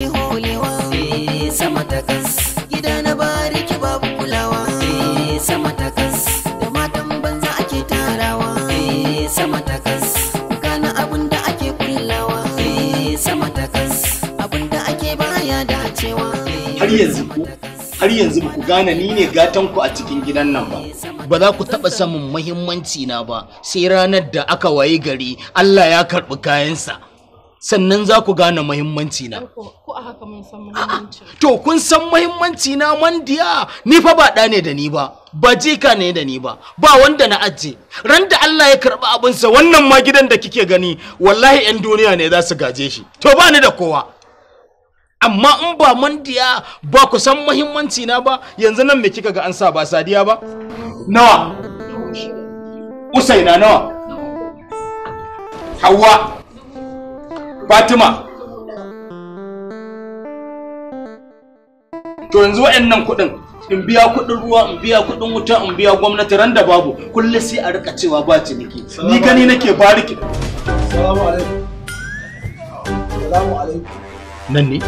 Eh, sama gida na bariki babu kulawa eh, sama matan banza ake tarawa sama takas har yanzu ku gane ni ne gatan ku a cikin gidan nan ba eh, ba za ku taɓa samun muhimmanci na ba sai ranar da aka waye gari Allah ya karɓi kayansa sannan za ku gane muhimmanci na. Ko To kun san muhimmanci na mandiya ni fa ba ɗa ne da ni ba, ba jika ne da ni ba, ba wanda na ajiye. Ran da Allah ya karɓi abinsa wannan ma gidan da kike gani wallahi 'yan duniya ne za su gaje shi. To ba ni da kowa. Amma in ba mandiya ba ku san muhimmanci na ba yanzu nan me kika ga an sa ba sadiya ba? Nawa? Usaina nawa? Hawa. fatima to yanzu wa'annan kuɗin in biya kuɗin ruwa in biya kuɗin wuta in biya gwamnati ran da babu kullum sai a rika cewa ba niki ni gani nake bariki salamu alaikum salamu alaikum nan ne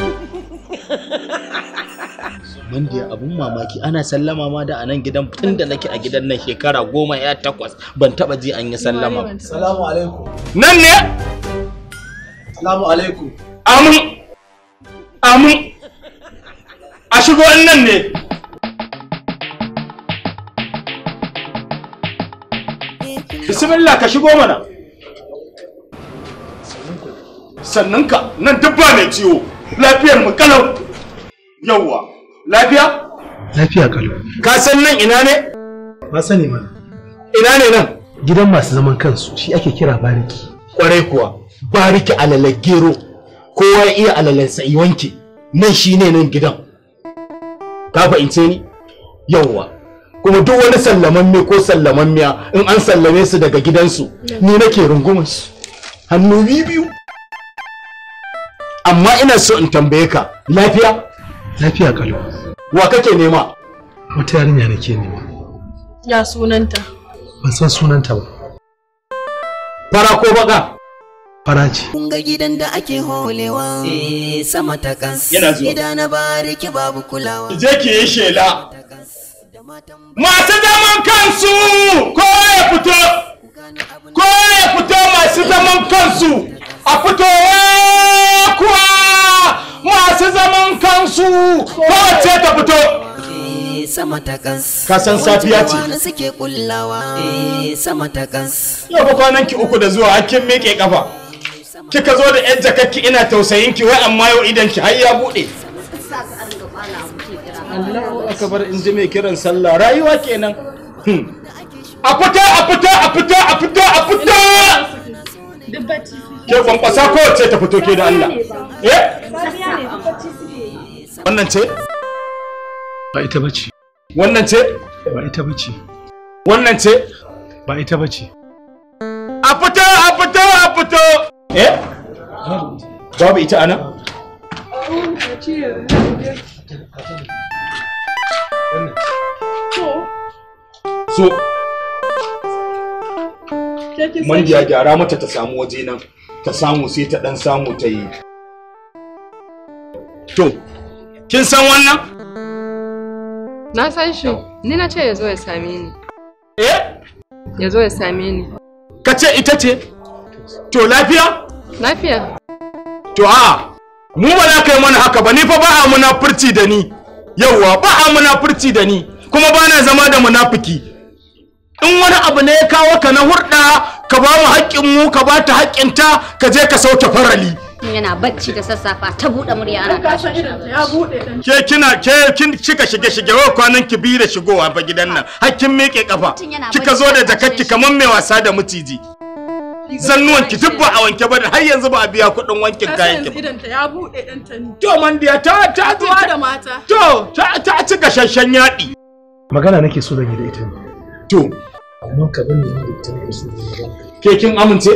Mandiya abun mamaki ana sallama ma da anan gidan tun da nake a gidan nan shekara goma ya takwas ban taba ji an yi sallama. Salamu alaikum. Nan ne? Assalamu alaikum. Amin. Amin. A shigo nan ne. Bismillah ka shigo mana. Sannanka nan dubba mai ciwo. Lafiyar mu kalau. Yawwa. Lafiya? Lafiya kalau. Ka san nan ina ne? Ba sani mana. Ina ne nan? Gidan masu zaman kansu shi ake kira bariki. kwarai kuwa bariki alalar gero kowa ya iya alalar sa'i wanke nan shine nan gidan ka fahimce ni yawwa kuma duk wani sallamamme ko miya in an sallame su daga gidansu ni nake rungumar su hannu biyu amma ina so in tambaye ka lafiya lafiya kalu wa kake nema wata yarinya nake nema ya sunanta ban san sunanta ba fara ko baka faraci. Kun gidan da ake holewa eh, sama ta kas. Yana zuwa. Gida na bariki babu kulawa. Je ki yi shela. Masu zaman kansu ko ya fito. Ko ya fito masu zaman kansu. A fito kuwa masu zaman kansu ko ce ta fito. Eh, sama ta kas. Ka san safiya ce. Wanda suke kullawa eh, sama ta kas. Yau fa kwanan ki uku da zuwa kin miƙe ƙafa. kika zo da yan jakakki ina tausayin ki wai amma yau idan ki har ya bude Allahu akbar in ji mai kiran sallah rayuwa kenan hmm. a fita a fita a fita a fita a fita ke kwankwasa kowace ta fito ke da Allah eh wannan ce ba ita bace wannan ce ba ita bace wannan ce ba ita bace Jawab ita anan so mandiya gyara mata ta samu waje nan ta samu sai ta dan samu ta yi to kin san wannan na san shi ni na ce ya zo ya same ni eh ya zo ya same ni ka ce ita ce to lafiya lafiya to a mu ba za ka yi mana haka ba ni fa ba a munafurci da ni yauwa ba a munafurci da ni kuma ba na zama da munafiki in wani abu ne ya kawo ka na hurɗa ka ba mu haƙƙin mu ka ba ta haƙƙin ta ka je ka sauke farali yana bacci da sassafa ta buɗe murya ana ke kina ke kin kika shige shige wa kwanan ki biyu da shigowa ba gidan nan hakkin miƙe kafa kika zo da jakakki kaman mai wasa da mutiji zannuwan ki duk ba a wanke ba har yanzu ba a biya kuɗin wankin kayan ki idan ta ya bude dan ta ni to mandiya ta ta ta da mata to ta ta ci gashashen yadi magana nake so zan yi da ita ne to amma ka bani ni da ita nake so ke kin amince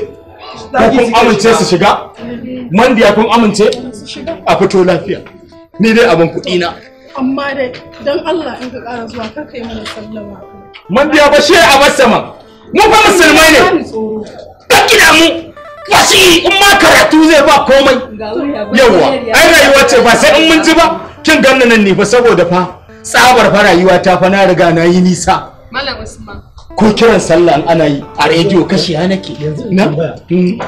ko kun amince su shiga Man mandiya kun amince a fito lafiya ni dai abin kuɗi na amma dai don Allah in ka ƙara zuwa kar kai mana sallama Man mandiya ba shi a masama mu fa musulmai ne gina mu wasu in ma karatu zai ba komai yawwa ai rayuwa ce ba sai in mun ji ba kin ganna nan ne fa saboda fa tsabar fa rayuwa ta fa na riga na yi nisa malam usman ko kiran sallah ana yi a rediyo kashi ya nake na hmm.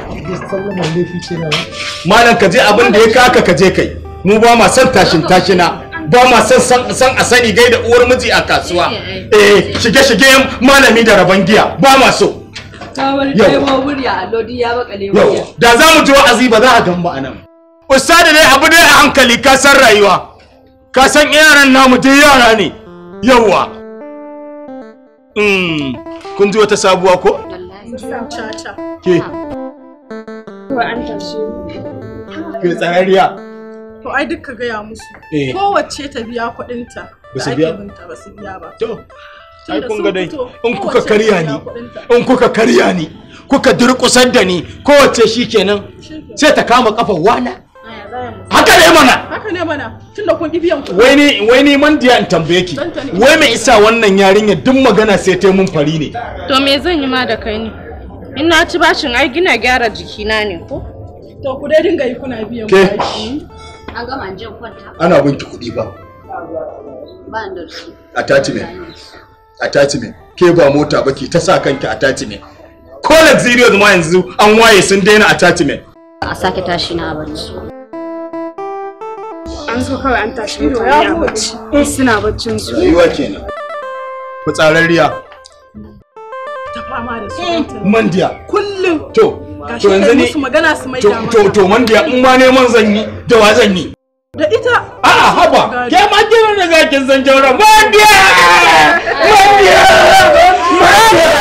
malam ka je abin da ya kaka ka je kai mu ba ma son tashin tashina ba ma son san a sani gaida uwar miji a kasuwa eh shige shige malami da rabangiya giya ba ma so yau da za mu ji wa'azi ba za a gan mu a nan ustadi dai abu dai a hankali ka san rayuwa ka san yaran namu dai yara ne Yawwa. Hmm. kun ji wata sabuwa ko ke ke tsarariya to ai duk ka gaya musu eh. kowace ta biya kuɗinta da ake binta ba su biya ba ai kun ga dai in kuka karya ni in kuka karya ni kuka durƙusar da ni kowace shi kenan sai ta kama kafa wana haka ne mana haka ne mana tunda kun ki biyan kuɗi wai ni wai ni man diya in tambaye ki wai mai isa wannan yarinya duk magana sai ta mun fari ne to me zan yi ma da kai ne in na ci bashin ai gina gyara jikina ne ko to ku dai dinga yi kuna biyan kuɗi an gama jin kwanta ana binki kuɗi ba ba da su ne. attachment ke ba mota ba ke ta sa kanki attachment ko luxurious ma yanzu an waye sun daina attachment a sake tashi na bacci an so kawai an tashi mutum ya bacci eh suna baccin su yiwa kenan fitsararriya ta fama da su eh. mandiya kullum to to yanzu ne to to mandiya in ma neman zan yi da wa zan yi da ita a haba ke ma kina da zakin san jauran mandiya mandiya mandiya